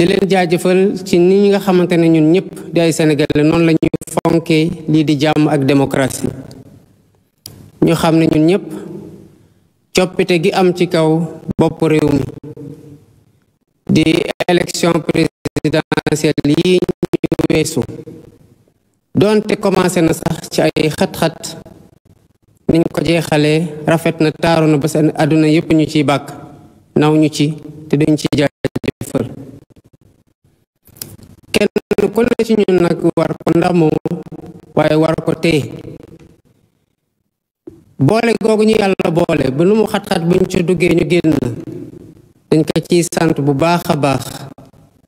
di leen jaajëfal ci ni ñi nga xamante ne ñun ñëpp di ay sénégalais noonu la ñuy lii di jàmm ak démocratie ñu xam ne ñun ñëpp coppite gi am ci kaw bopp réew mi di élection présidentielle yi ñu weesu doonte commencé na sax ci ay xat-xat niñ ko jeexalee rafet na taaru na ba seen àdduna yëpp ñu ciy bàkk naw ñu ci te duñ ci jaajëfal kenn ku ne ci ñun nag war ko ndamoo waaye war ko téye boole googu ñu yàlla boole ba lu mu xat-xat buñ ca duggee ñu génn dañ ko ciy sant bu baax a baax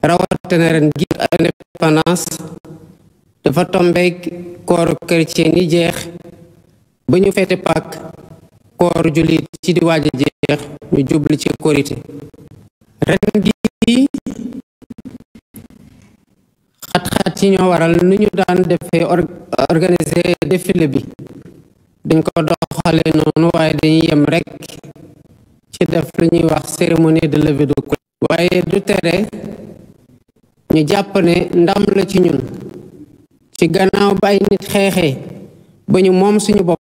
rawatina ren giir indépendance dafa tombeek kooru chrétien yi jeex ba ñu fete Pâques kooru jullit ci di waaj a jeex ñu jubli ci korité ren gi xat-xat yi ñoo waral nu ñu daan defee organiser défilé bi dañ ko doxale noonu waaye dañuy yem rekk ci def lu ñuy wax cérémonie de levée de couleur waaye du tere ñu jàpp ne ndam la ci ñun ci gannaaw ba ay nit xeexee ba ñu moom suñu bopp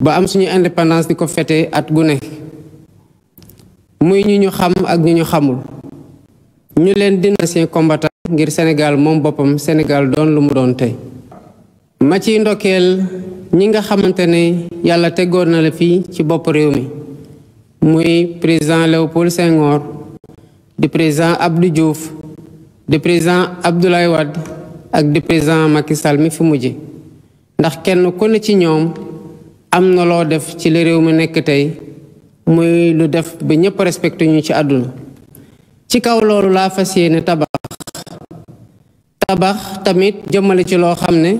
ba am suñu indépendance di ko fete at gu muy ñu ñu xam ak ñu ñu xamul ñu leen dina seen combattant ngir Sénégal moom boppam Sénégal doon lu mu doon tey ma ciy ñi nga xamante ne yàlla tegoon na la fii ci bopp réew mi muy président Léopold Senghor di président Abdou Diouf di président Abdoulaye Wade ak di président Macky Sall mi fi mujje ndax kenn ku ne ci ñoom am na loo def ci li réew mi nekk tey muy lu def ba ñëpp respecté ñu ci àdduna ci kaw loolu laa fas yéene tabax tabax tamit jëmale ci loo xam ne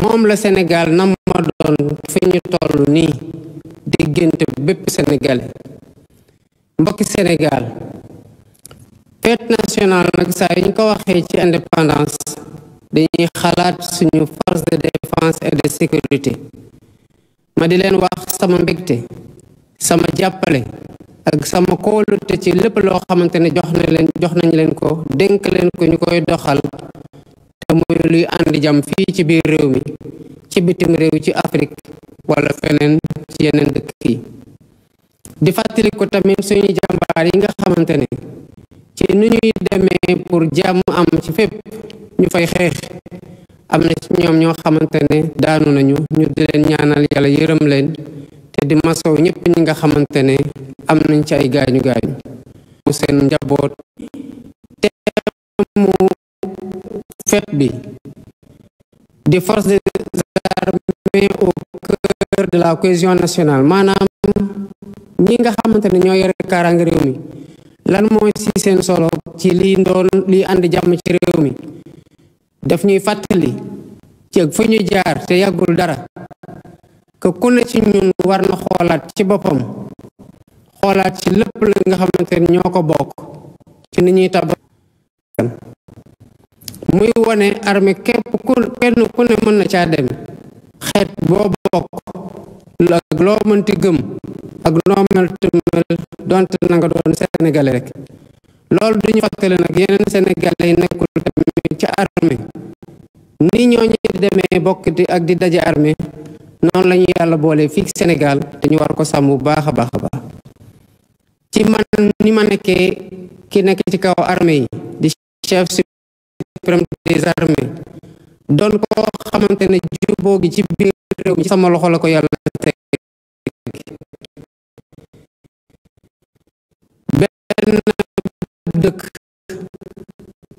moom la Sénégal na ma doon fi ñu toll nii diggante bépp sénégalais mbokki Sénégal fête nationale nag saa yu ko waxee ci indépendance dañuy xalaat suñu force de défense et de sécurité ma di leen wax sama mbégte sama jàppale ak sama kóolute ci lépp loo xamante ne jox na leen jox nañ leen ko dénk leen ko ñu koy doxal te muy luy àndi jàmm fii ci biir réew mi ci bitim réew ci Afrique wala feneen ci yeneen dëkk yi di fàttali ko tamit suñu jàmbaar yi nga xamante ne ci nu ñuy demee pour jàmm am ci fépp ñu fay xeex am na ci ñoom ñoo xamante ne daanu nañu ñu di leen ñaanal yàlla yërëm leen te di masaw ñëpp ñi nga xamante ne am nañ ci ay gaañu gaañu mu seen njaboot te mu fet bi di force des armées au cœur de la cohésion nationale maanaam ñi nga xamante ne ñoo yore kaaraange réew mi lan mooy si seen solo ci liy ndoon liy ànd jàmm ci réew mi daf ñuy fàttali ci fu ñu jaar te yàggul dara que ku ci ñun war na xoolaat ci boppam xoolaat ci lépp la nga xamante ne ñoo ko bokk ci ni ñuy tabax muy wone armée képp ku kenn ku ne mën na caa dem xeet boo bokk loo mënti gëm ak noo mel donte na nga doon sénégalais rek loolu duñu fàttali nag yeneen sénégalais nekkul tamit ci armée ni ñoo ñu demee bokk di ak di daje armée noonu la ñu yàlla boole fii Sénégal te ñu war ko sàmm bu baax a baax a baax ci man ni ma nekkee ki nekk ci kaw armée yi di chef suprême des armées doon koo xamante ne gi ci biir réew mi ci sama loxo la ko yàlla teg benn dëkk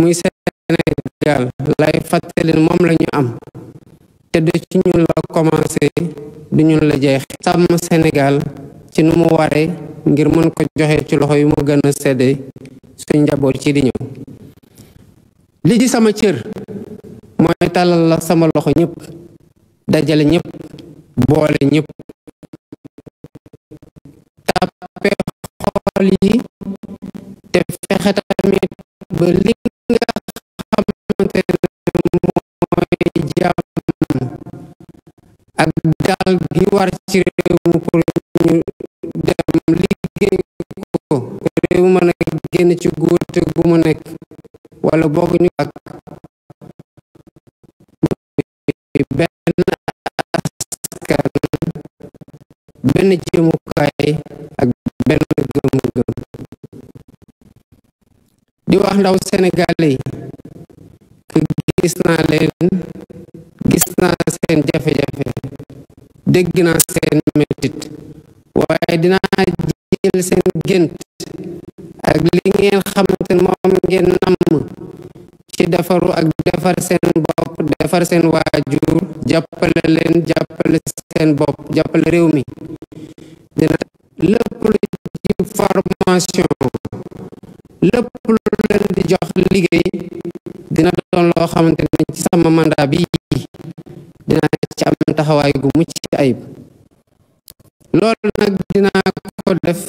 muy Sénégal lay fàttali moom la ñu am te du ci ñun la commencé du la jeex sàmm Sénégal ci nu mu waree ngir mën ko joxe ci loxo yu mu gën a sedde suñ njaboot ci di ñëw li ci sama cër mooy tàllal la sama loxo ñëpp dajale ñëpp boole ñëpp tàppe xool yi te fexe tamit ba li nga xamante ak dal gi war ci réew mu pour ñu dem liggéey ko réew mën a génn ci góote gu mu nekk wala boog ñu ak benn askan benn jëmukaay ak benn gëm-gëm di wax ndaw Sénégalais yi que gis naa leen gis naa seen jafe-jafe dégg naa seen mettit waaye dinaa jël seen gént ak li ngeen xamante moom ngeen namm ci defaru ak defar seen bopp defar seen waajur jàppale leen jàppale seen bopp jàppale réew mi dina lépp lu ci formation lépp lu leen di jox liggéey dina doon loo xamante ne ci sama mandat bi dinaa ci am taxawaay gu mucc ci ayib loolu nag dinaa ko def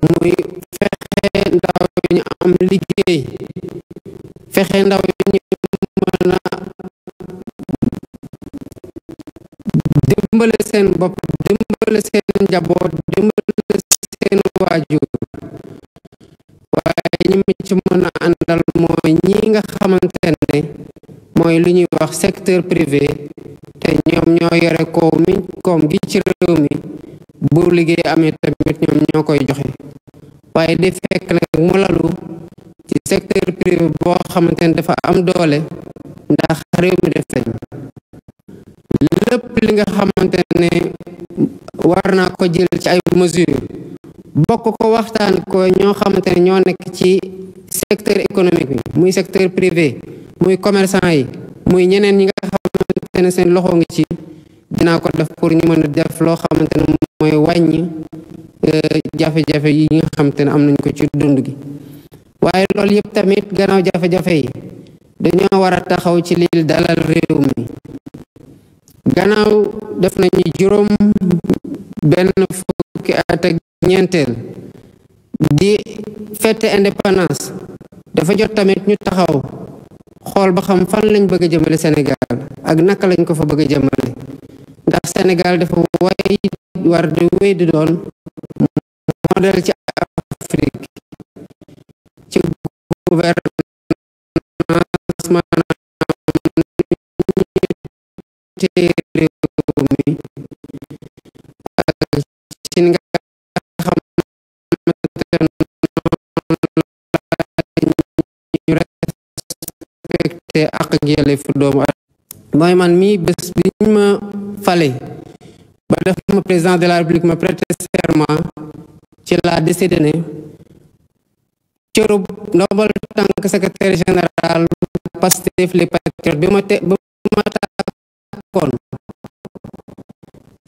muy fexe ndaw ñu am liggéey fexe ndaw ñu mën a dimbale seen bopp dimbale seen njaboot dimbale seen waajur ñi mi ci mën a àndal mooy ñi nga xamante mooy li ñuy wax secteur privé te ñoom ñoo yore ko koom gi ci réew mi bu liggéey amee tamit ñoom ñoo koy joxe waaye di fekk nag mu lalu ci secteur privé boo xamante ne dafa am doole ndax réew mi def sañ lépp li nga xamante ne naa ko jël ci ay mesures bokk ko waxtaan ko ñoo xamante ne ñoo nekk ci secteur économique bi muy secteur privé muy commerçant yi muy ñeneen ñi nga xamante ne seen loxo ngi ci dinaa ko def pour ñu mën a def loo xamante ne mooy wàññi euh, jafe-jafe yi nga xamante ne am nañ ko ci dund gi waaye loolu yëpp tamit gannaaw jafe-jafe yi dañoo war a taxaw ci lii dalal réew mi gannaaw def nañu juróom benn fukki at ñeenteel di fête indépendance dafa jot tamit ñu taxaw xool ba xam fan lañ bëgg a jëmale Sénégal ak naka lañ ko fa bëgg a jëmale ndax Sénégal dafa way war di wéy di doon modèle ci Afrique ci gouvernance maanaam ñu téye réew mi te àq ak yelleefu doomu aadama mooy man mii bés bi ma fale ba def ma président de la république ma prêter serment ci laa décidé ne cërub ndombal tànk secrétaire général Pastef les patriotes bi ma te ba ma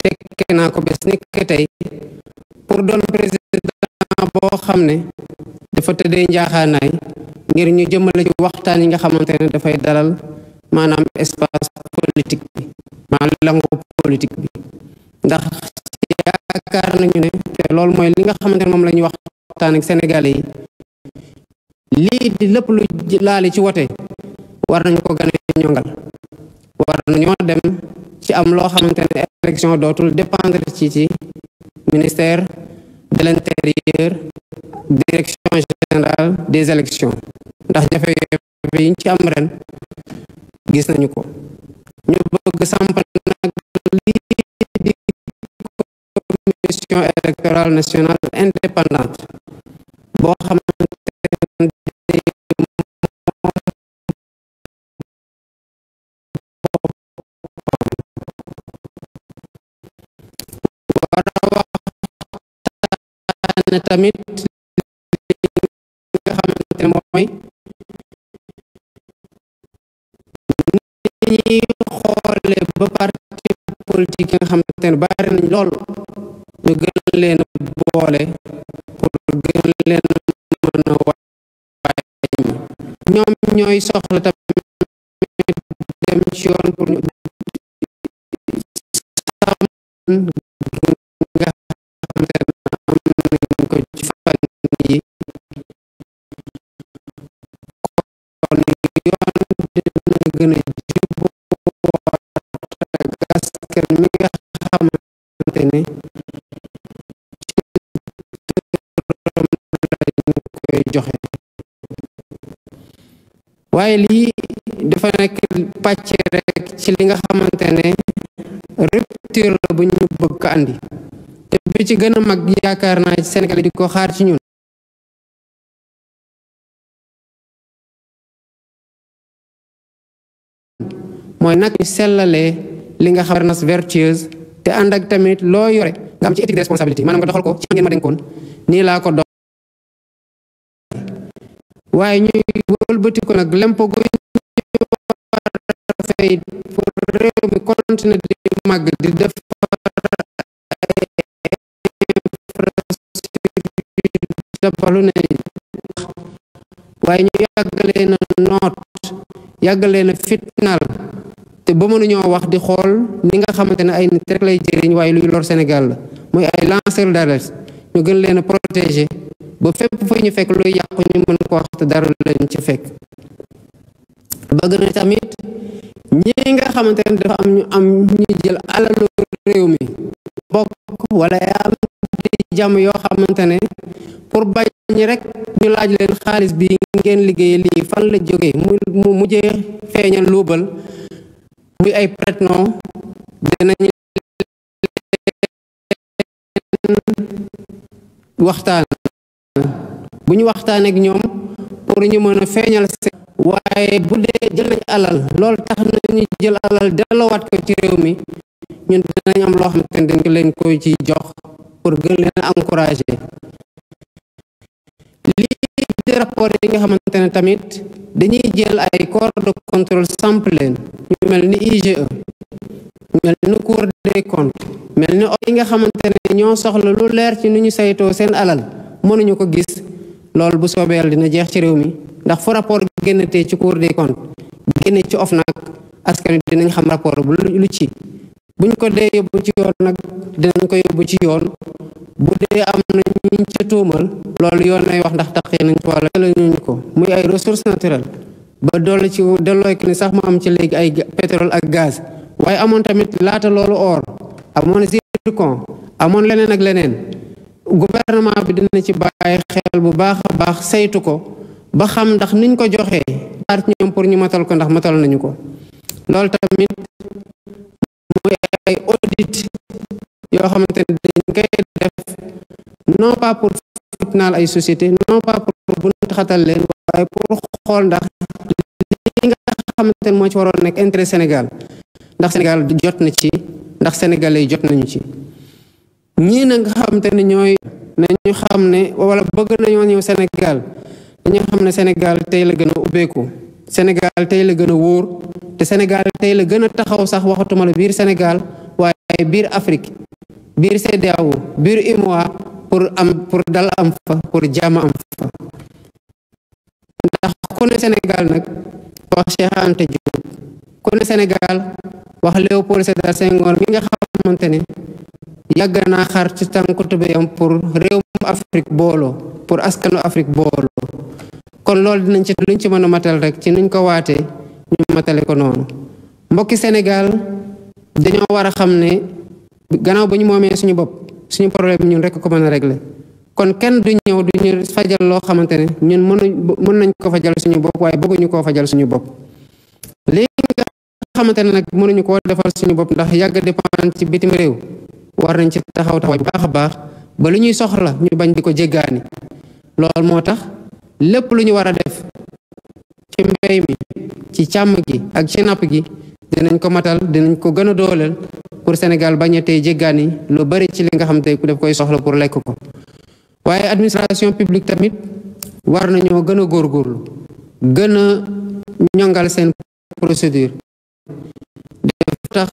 tekke naa ko bés nekk tey pour doon président boo xam ne dafa tëddee njaaxaanaay ngir ñu jëmale ci waxtaan yi nga xamante ne dafay dalal maanaam espace politique bi maanaam lango politique bi ndax yaakaar nañu ne te loolu mooy li nga xamante ne moom la ñuy waxtaan ak sénégalais yi lii di lépp lu laali ci wote war nañu ko gën a ñongal war nañoo dem ci am loo xamante ne élection dootul dépendre ci ci ministère de l'intérieur direction générale des élections ndax jafe-jafe yiñ ci am nañu ko ñu bëgg samp nag lii commission électorale nationale indépendante boo xamante tamit li nga xamante mooy ñuy xoole ba parti politique yi nga xamante ne bari nañ lool a wàññi ñoom ñooy soxla tamit dem ci yoon pour ñu nga xamante ne am nañ ko fan yi kon yoon dina gën a Babacar mi nga xamante ne ci li nga xamante ne rupture la bu ñu bëgg andi te bi ci gën mag yaakaar naa ci Sénégal di ko xaar ci ñun mooy nag ñu sellalee li nga xam nas vertueuse te ànd ak tamit loo yore nga am ci éthique responsabilité maanaam nga doxal ko ci ngeen ma dénkoon nii laa ko dox waaye ñuy wëlbati ko nag lempo gu ñu war a fay pour réew mi continuer di màgg di def tabalu ne waaye ñu yàggalee noot yàggalee fitnaal te ba mënuñoo wax di xool ni nga xamante ne ay nit rek lay jëriñ waaye luy lor Sénégal la mooy ay lanceur d'alerte ñu gën leen a protéger ba fépp fa ñu fekk luy yàqu ñu mën ko wax te dara lañ ci fekk. bëgg na tamit ñi nga xamante ne dafa am ñu am ñu jël alalu réew mi bokk wala am di jàmm yoo xamante ne pour bañ rek ñu laaj leen xaalis bi ngeen liggéey lii fan la jógee mu mujjee feeñal luubal muy ay prête-nom dinañu waxtaan bu ñu waxtaan ak ñoom pour ñu mën a feeñal se waaye bu jël nañ alal loolu tax nañu jël alal delloowaat ko ci réew mi ñun dinañ am loo xam ne dañ ko leen koy ci jox pour gën leen encourager lii di rapport yi nga xamante ne tamit dañuy jël ay contrôle samp leen ñu mel ni IGE mel ni cour des comptes mel ni yi nga xamante ne ñoo soxla lu leer ci ni ñu saytoo seen alal mënuñu ko gis lool bu soobeel dina jeex ci réew mi ndax fu rapport génnatee ci cour des comptes génne ci of nag askan wi dinañ xam rapport bu lu ci buñ ko dee yóbbu ci yoon nag dinañ ko yóbbu ci yoon bu dee am na ñuñ ca tuumal loolu yoon wax ndax taqee nañ ko ko muy ay ressources naturelles ba dolli ci dellooy ki ne sax mu am ci léegi ay pétrole ak gaz waaye amoon tamit laata loolu or amoon zircon amoon leneen ak leneen gouvernement bi dina ci bàyyi xel bu baax baax saytu ko ba xam ndax niñ ko joxe xaar ñoom pour ñu matal ko ndax matal nañu ko loolu tamit muy ay audit yoo xamante ne dañ koy def non pas pour fitnaal ay société non pas pour bunt xatal leen waaye pour xool ndax xamante ne moo ci waroon nekk intre Sénégal ndax Sénégal jot na ci ndax sénégalais jot nañu ci ñii na nga xamante ne ñooy nañu xam ne wala bëgg nañoo ñëw Sénégal dañu xam ne Sénégal tey la gën a ubbeeku Sénégal tey la gën a wóor te Sénégal tey la gën a taxaw sax waxatuma biir Sénégal waaye biir Afrique biir CEDEAO biir UEMOA pour am pour dal am fa pour jàmm am fa ndax ku ne Sénégal nag wax Cheikh Anta Diop ku ne Sénégal wax Léopold Sédar Senghor mi nga xamante ne yàgg naa xar ci tànku tubéyam pour réew mu Afrique booloo pour askanu Afrique booloo kon loolu dinañ ci luñ ci mën a matal rek ci nuñ ko waate ñu matale ko noonu mbokki Sénégal dañoo war a xam ne gannaaw bu ñu moomee suñu bopp suñu problème ñun rek ko mën a régler kon kenn du ñëw du fajal loo xamante ne ñun mënuñ mën nañ ko fajal suñu bopp waaye bëgguñu koo fajal suñu bopp léegi nga xamante ne nag mënuñu koo defal suñu bopp ndax yàgg dépend ci bitim réew war nañ ci taxaw taxawaay bu baax a baax ba lu ñuy soxla ñu bañ di ko jéggaani loolu moo tax lépp lu ñu war a def ci mbéy mi ci càmm gi ak ci napp gi dinañ ko matal dinañ ko gën a dooleel pour senegal bañ a tey jéggaani lu bari ci li nga xam te ku def koy soxla pour lekk ko waaye administration publique tamit war nañoo gën a góorgóorlu gën a ñongal seen procédure def tax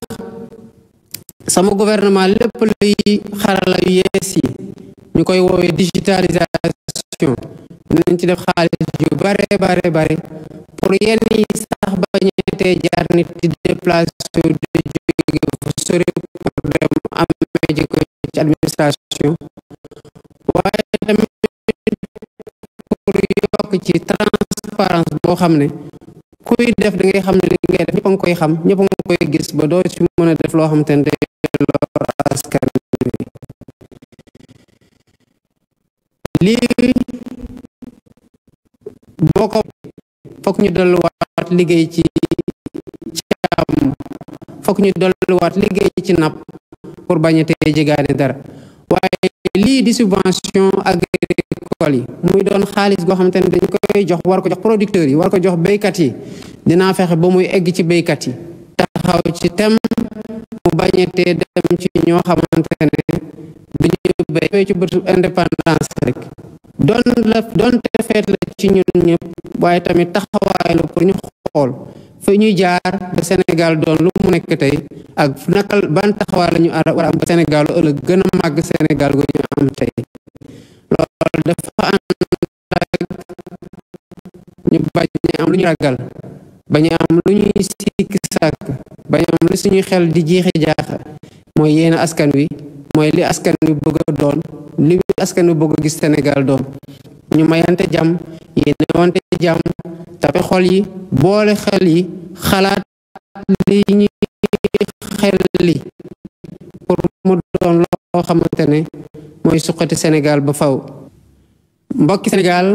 sama gouvernement lépp luy xarala yu yees yi ñu koy woowee digitalisation nañ ci def xaalis yu bare bare bare pour yenn yi sax bañeetee jaar nit di déplacé di jóge fu sori pour dem amee ji ci administration waaye tamit pour yokk ci transparence boo xam ne kuy def da ngay xam ne li ngay def ñëpp a koy xam ñëpp koy gis ba doo ci mën a def loo xam te ne day lor lii boo ko fokk ñu delluwaat liggéey ci caam fokk ñu delluwaat liggéey ci napp pour bañ a tee dara waaye lii di subvention agricole yi muy doon xaalis goo xamante ne dañ koy jox war ko jox producteurs yi war ko jox béykat yi dinaa fexe ba muy egg ci béykat yi taxaw ci tem mu bañetee dem ci ñoo xamante ne dañuy béy ci bëtu indépendance rek doon la doonte feet la ci ñun ñëpp waaye tamit taxawaay la pour ñu xool fa ñuy jaar ba Sénégal doon lu mu nekk tey ak nakal ban taxawaay la ñu war a am ba Sénégal lu gën màgg Sénégal gu ñu am tey loolu dafa ànd ak ñu bañ am lu ñu ragal bañ lu ñuy sikki sàkk bañ am lu suñu xel di jeexe jaaxa mooy yéen askan wi mooy li askan wi bëgg a doon li askan wi bëgg a gis Sénégal doon ñu mayante jàmm yéene wante jàmm tape xol yi boole xel yi xalaat li ñuy xel li pour mu doon loo xamante ne mooy suqati senegal ba faw mbokki Sénégal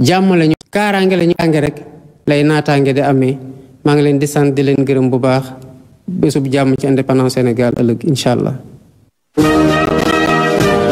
jàmm lañu kaaraange lañu ànge rek lay naataange di amee maa ngi leen di sant di leen gërëm bu baax bésub jàmm ci indépendance Sénégal ëllëg incha allah Thank you.